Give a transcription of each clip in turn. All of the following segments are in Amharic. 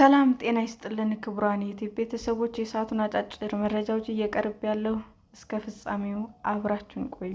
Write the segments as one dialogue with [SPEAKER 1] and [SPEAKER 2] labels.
[SPEAKER 1] ሰላም ጤና ይስጥልን ክቡራን ዩቲዩብ ቤተሰቦች፣ የሰዓቱን አጫጭር መረጃዎች እየቀርብ ያለው እስከ ፍጻሜው አብራችሁን ቆዩ።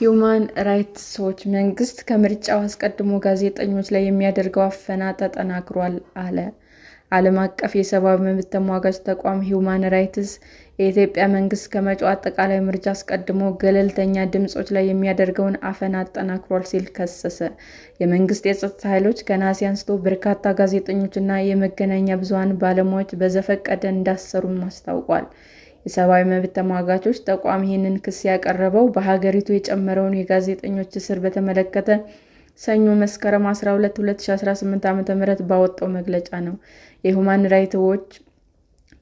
[SPEAKER 1] ሂዩማን ራይትስ ዎች መንግስት ከምርጫው አስቀድሞ ጋዜጠኞች ላይ የሚያደርገው አፈና ተጠናክሯል አለ። ዓለም አቀፍ የሰብአዊ መብት ተሟጋች ተቋም ሂውማን ራይትስ የኢትዮጵያ መንግስት ከመጪው አጠቃላይ ምርጫ አስቀድሞ ገለልተኛ ድምፆች ላይ የሚያደርገውን አፈና አጠናክሯል ሲል ከሰሰ። የመንግስት የጸጥታ ኃይሎች ከነሐሴ አንስቶ በርካታ ጋዜጠኞችና የመገናኛ ብዙሃን ባለሙያዎች በዘፈቀደ እንዳሰሩም አስታውቋል። የሰብአዊ መብት ተሟጋቾች ተቋም ይህንን ክስ ያቀረበው በሀገሪቱ የጨመረውን የጋዜጠኞች እስር በተመለከተ ሰኞ መስከረም 12 2018 ዓ.ም ባወጣው መግለጫ ነው። የሁማን ራይት ዎች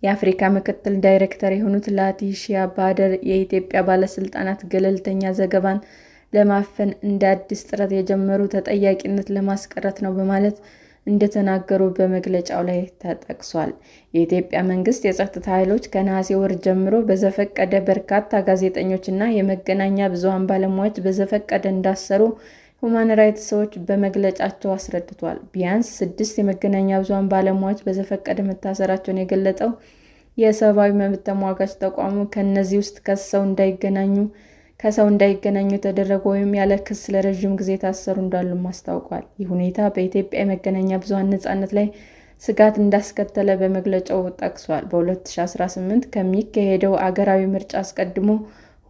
[SPEAKER 1] የአፍሪካ ምክትል ዳይሬክተር የሆኑት ላቲሺያ ባደር የኢትዮጵያ ባለስልጣናት ገለልተኛ ዘገባን ለማፈን እንደ አዲስ ጥረት የጀመሩ ተጠያቂነት ለማስቀረት ነው በማለት እንደተናገሩ በመግለጫው ላይ ተጠቅሷል። የኢትዮጵያ መንግስት የጸጥታ ኃይሎች ከነሐሴ ወር ጀምሮ በዘፈቀደ በርካታ ጋዜጠኞችና የመገናኛ ብዙሃን ባለሙያዎች በዘፈቀደ እንዳሰሩ ሁማን ራይትስ ሰዎች በመግለጫቸው አስረድቷል። ቢያንስ ስድስት የመገናኛ ብዙሃን ባለሙያዎች በዘፈቀደ መታሰራቸውን የገለጠው የሰብአዊ መብት ተሟጋች ተቋሙ ከእነዚህ ውስጥ ከሰው እንዳይገናኙ ከሰው እንዳይገናኙ የተደረጉ ወይም ያለ ክስ ለረዥም ጊዜ የታሰሩ እንዳሉም አስታውቋል። ይህ ሁኔታ በኢትዮጵያ የመገናኛ ብዙሃን ነፃነት ላይ ስጋት እንዳስከተለ በመግለጫው ጠቅሷል። በ2018 ከሚካሄደው አገራዊ ምርጫ አስቀድሞ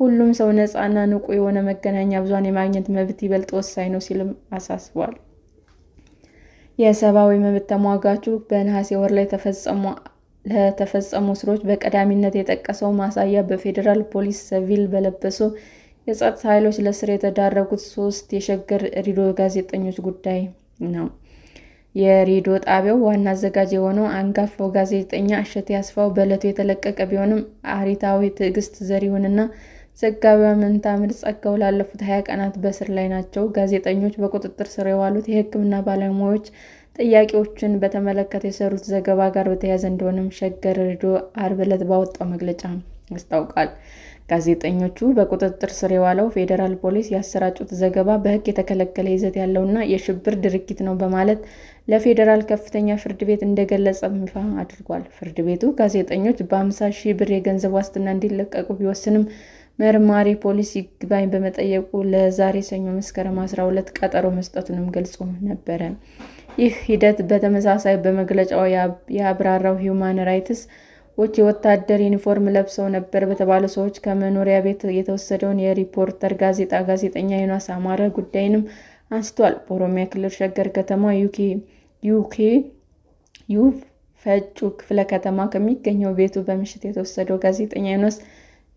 [SPEAKER 1] ሁሉም ሰው ነፃና ንቁ የሆነ መገናኛ ብዙሃን የማግኘት መብት ይበልጥ ወሳኝ ነው ሲልም አሳስቧል። የሰብአዊ መብት ተሟጋቹ በነሐሴ ወር ላይ ለተፈጸሙ እስሮች በቀዳሚነት የጠቀሰው ማሳያ በፌዴራል ፖሊስ ሲቪል በለበሱ የጸጥታ ኃይሎች ለእስር የተዳረጉት ሶስት የሸገር ሬዲዮ ጋዜጠኞች ጉዳይ ነው። የሬዲዮ ጣቢያው ዋና አዘጋጅ የሆነው አንጋፋው ጋዜጠኛ እሸቴ አስፋው በዕለቱ የተለቀቀ ቢሆንም አሪታዊ ትዕግስት ዘሪሁንና ዘጋቢዋ መንታ አህመድ ጸጋው ላለፉት ሀያ ቀናት በእስር ላይ ናቸው። ጋዜጠኞች በቁጥጥር ስር የዋሉት የሕክምና ባለሙያዎች ጥያቄዎችን በተመለከተ የሰሩት ዘገባ ጋር በተያያዘ እንደሆነም ሸገር ሬዲዮ አርብ ዕለት ባወጣው መግለጫ ያስታውቃል። ጋዜጠኞቹ በቁጥጥር ስር የዋለው ፌዴራል ፖሊስ ያሰራጩት ዘገባ በሕግ የተከለከለ ይዘት ያለውና የሽብር ድርጊት ነው በማለት ለፌዴራል ከፍተኛ ፍርድ ቤት እንደገለጸ ይፋ አድርጓል። ፍርድ ቤቱ ጋዜጠኞች በ በ50 ሺህ ብር የገንዘብ ዋስትና እንዲለቀቁ ቢወስንም መርማሪ ፖሊስ ይግባኝ በመጠየቁ ለዛሬ ሰኞ መስከረም 12 ቀጠሮ መስጠቱንም ገልጾ ነበረ። ይህ ሂደት በተመሳሳይ በመግለጫው ያብራራው ሂውማን ራይትስ ዎች የወታደር ዩኒፎርም ለብሰው ነበር በተባሉ ሰዎች ከመኖሪያ ቤት የተወሰደውን የሪፖርተር ጋዜጣ ጋዜጠኛ ዮናስ አማረ ጉዳይንም አንስቷል። በኦሮሚያ ክልል ሸገር ከተማ ዩኬ ዩ ፈጩ ክፍለ ከተማ ከሚገኘው ቤቱ በምሽት የተወሰደው ጋዜጠኛ ዮናስ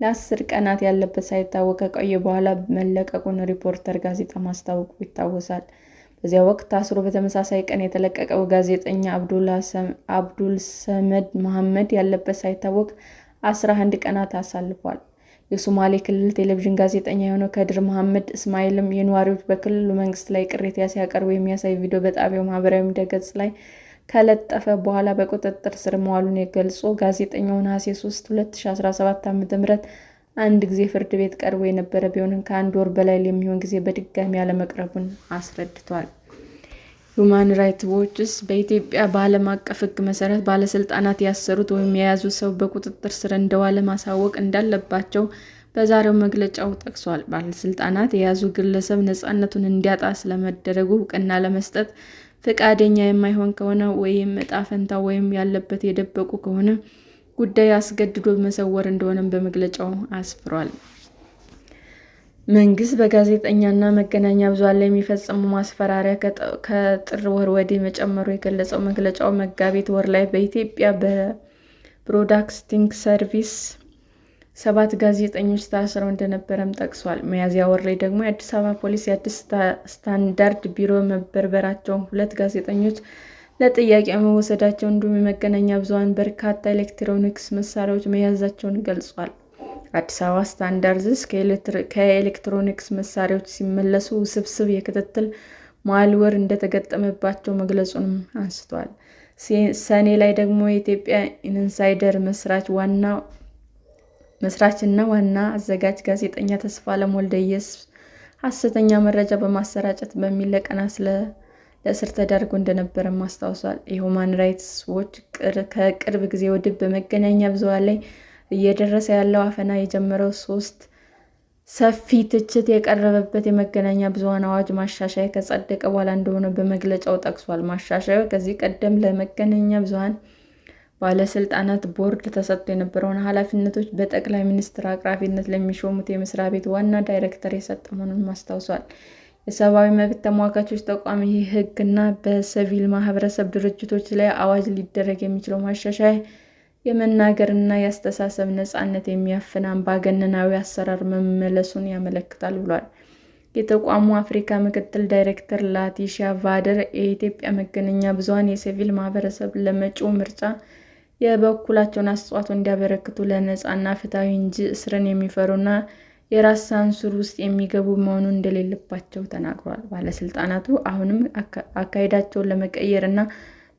[SPEAKER 1] ለአስር ቀናት ያለበት ሳይታወቅ ከቆየ በኋላ መለቀቁን ሪፖርተር ጋዜጣ ማስታወቁ ይታወሳል። በዚያ ወቅት ታስሮ በተመሳሳይ ቀን የተለቀቀው ጋዜጠኛ አብዱል ሰመድ መሐመድ ያለበት ሳይታወቅ አስራ አንድ ቀናት አሳልፏል። የሶማሌ ክልል ቴሌቪዥን ጋዜጠኛ የሆነው ከድር መሐመድ እስማኤልም የነዋሪዎች በክልሉ መንግስት ላይ ቅሬታ ሲያቀርቡ የሚያሳይ ቪዲዮ በጣቢያው ማህበራዊ ሚዲያ ገጽ ላይ ከለጠፈ በኋላ በቁጥጥር ስር መዋሉን ገልጾ ጋዜጠኛው ነሐሴ 3 2017 ዓ.ም አንድ ጊዜ ፍርድ ቤት ቀርቦ የነበረ ቢሆንም ከአንድ ወር በላይ ለሚሆን ጊዜ በድጋሚ አለመቅረቡን አስረድቷል። ሁማን ራይት ዎችስ በኢትዮጵያ በዓለም አቀፍ ሕግ መሰረት ባለስልጣናት ያሰሩት ወይም የያዙት ሰው በቁጥጥር ስር እንደዋለ ማሳወቅ እንዳለባቸው በዛሬው መግለጫው ጠቅሷል። ባለስልጣናት የያዙ ግለሰብ ነፃነቱን እንዲያጣ ስለመደረጉ እውቅና ለመስጠት ፈቃደኛ የማይሆን ከሆነ ወይም እጣ ፈንታ ወይም ያለበት የደበቁ ከሆነ ጉዳይ አስገድዶ መሰወር እንደሆነም በመግለጫው አስፍሯል። መንግስት በጋዜጠኛና መገናኛ ብዙኃን ላይ የሚፈጽሙ ማስፈራሪያ ከጥር ወር ወዲህ መጨመሩ የገለጸው መግለጫው መጋቢት ወር ላይ በኢትዮጵያ በብሮድካስቲንግ ሰርቪስ ሰባት ጋዜጠኞች ታስረው እንደነበረም ጠቅሷል። ሚያዝያ ወር ላይ ደግሞ የአዲስ አበባ ፖሊስ የአዲስ ስታንዳርድ ቢሮ መበርበራቸውን፣ ሁለት ጋዜጠኞች ለጥያቄ መወሰዳቸው እንዲሁም የመገናኛ ብዙሃን በርካታ ኤሌክትሮኒክስ መሳሪያዎች መያዛቸውን ገልጿል። አዲስ አበባ ስታንዳርድስ ከኤሌክትሮኒክስ መሳሪያዎች ሲመለሱ ውስብስብ የክትትል ማልወር እንደተገጠመባቸው መግለጹንም አንስቷል። ሰኔ ላይ ደግሞ የኢትዮጵያ ኢንሳይደር መስራች ዋና መስራችና ዋና አዘጋጅ ጋዜጠኛ ተስፋለም ወልደየስ ሐሰተኛ መረጃ በማሰራጨት በሚል ለቀና ስለ ለእስር ተዳርጎ እንደነበረም አስታውሷል። የሁማን ራይትስ ዎች ከቅርብ ጊዜ ወዲህ በመገናኛ ብዙሃን ላይ እየደረሰ ያለው አፈና የጀመረው ሶስት ሰፊ ትችት የቀረበበት የመገናኛ ብዙሃን አዋጅ ማሻሻያ ከጸደቀ በኋላ እንደሆነ በመግለጫው ጠቅሷል። ማሻሻያው ከዚህ ቀደም ለመገናኛ ብዙሃን ። ባለስልጣናት ቦርድ ተሰጥቶ የነበረውን ኃላፊነቶች በጠቅላይ ሚኒስትር አቅራቢነት ለሚሾሙት የመስሪያ ቤት ዋና ዳይሬክተር የሰጠ መሆኑን አስታውሷል። የሰብአዊ መብት ተሟጋቾች ተቋም ይህ እና በሲቪል ማህበረሰብ ድርጅቶች ላይ አዋጅ ሊደረግ የሚችለው ማሻሻያ የመናገርና የአስተሳሰብ ነፃነት የሚያፍን አምባገነናዊ አሰራር መመለሱን ያመለክታል ብሏል። የተቋሙ አፍሪካ ምክትል ዳይሬክተር ላቲሺያ ቫደር የኢትዮጵያ መገናኛ ብዙኃን የሲቪል ማህበረሰብ ለመጪው ምርጫ የበኩላቸውን አስተዋጽኦ እንዲያበረክቱ ለነፃና ፍትሐዊ እንጂ እስርን የሚፈሩና የራስ ሳንሱር ውስጥ የሚገቡ መሆኑ እንደሌለባቸው ተናግረዋል። ባለስልጣናቱ አሁንም አካሄዳቸውን ለመቀየር እና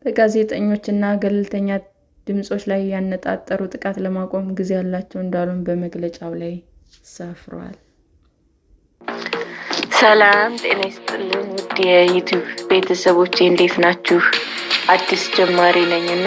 [SPEAKER 1] በጋዜጠኞች እና ገለልተኛ ድምጾች ላይ ያነጣጠሩ ጥቃት ለማቆም ጊዜ ያላቸው እንዳሉም በመግለጫው ላይ ሰፍሯል።
[SPEAKER 2] ሰላም ጤና ይስጥልን ውድ የዩቲዩብ ቤተሰቦቼ እንዴት ናችሁ? አዲስ ጀማሪ ነኝ እና